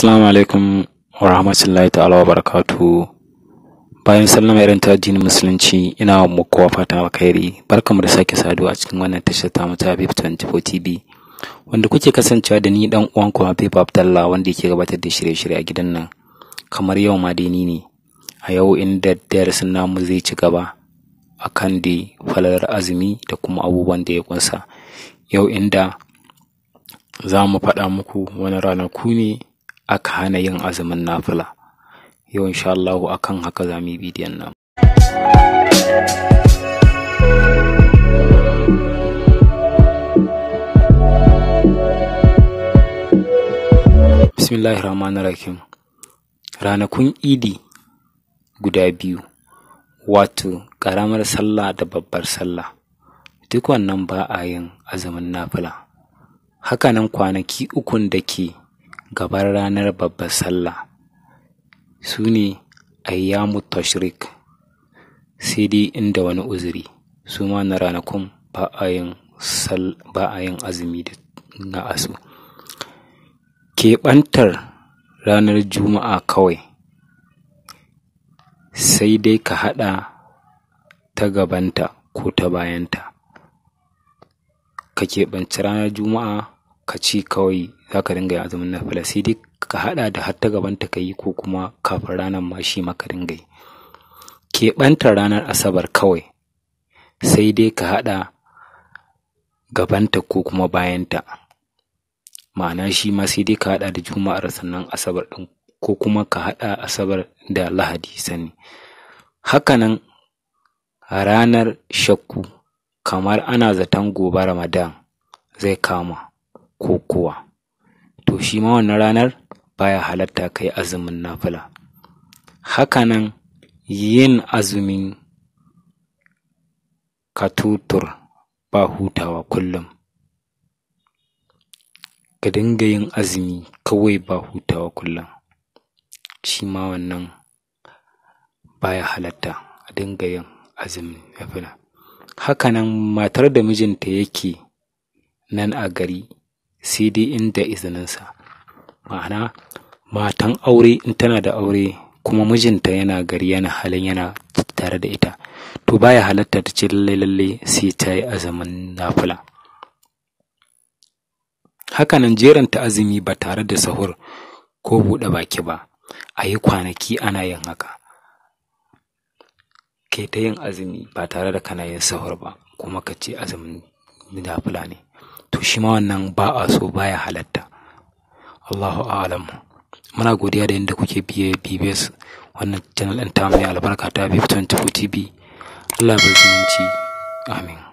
Assalamu alaikum wa rahmatullahi ta'ala wa barakatu. Bayan sallama irin ta addinin musulunci ina wa kowa fatan alkhairi. Barkamu da sake saduwa a cikin wannan tashar ta mata Habib 24 TV. Wanda kuke kasancewa da ni dan uwan ku Habib abdallah wanda yake gabatar da shirye-shirye a gidan nan. Kamar yau ma dai ni ne. A yau inda darasin namu zai ci gaba akan da falalar azumi da kuma abubuwan da ya kunsa. Yau inda za mu faɗa muku wani ranaku ne aka hana yin azumin nafila yau insha Allahu akan haka za mu yi bidiyon nan bismillahir rahmanir rahim ranakun idi guda biyu wato ƙaramar sallah da babbar sallah duk wannan ba a yin azumin nafila hakanan kwanaki ukun da ke gaban ranar babbar sallah su ne ayyamu tashrik sai dai inda wani uzuri su ma na ranakun ba a yin azumi na asu keɓantar ranar juma'a kawai sai dai ka haɗa ta gabanta ko ta bayanta ka keɓanci ranar juma'a ka ci kawai za ka dinga yin azumin nafila sai dai ka haɗa da ta gaban ta ka ko kuma kafin ranar ma shi maka dinga yi keɓantar ranar asabar kawai sai dai ka haɗa gabanta ko kuma bayanta ma'ana shi ma sai dai ka haɗa da juma'ar sannan asabar ɗin ko kuma ka haɗa asabar da lahadi sani hakanan ranar shakku kamar ana zaton gobe ramadan zai kama ko kuwa shi ma wannan ranar baya halatta kai azumin nafila hakanan yin azumin katutur ba hutawa kullum ka dinga yin azumi kawai ba hutawa kullum shi ma wannan baya halatta a dinga yin azumin nafila hakanan matar da mijinta yake nan a gari sai dai in da izininsa. Ma'ana, matan aure in tana da aure kuma mijinta yana gari yana halin yana tare da ita, to baya halatta ta ce lalle lalle sai ta yi azumin nafila. jeran ta azumi ba tare da sahur ko buɗe baki ba, a yi kwanaki ana yin haka. Kai ta yin azumi ba tare da kana yin sahur ba, kuma ka ce azumin nafila ne. to shi ma wannan ba a so baya halatta Allahu a'lam muna godiya da yadda kuke biye BBS wannan channel ɗin ta mai albarka ta 24 TV Allah bai zumunci amin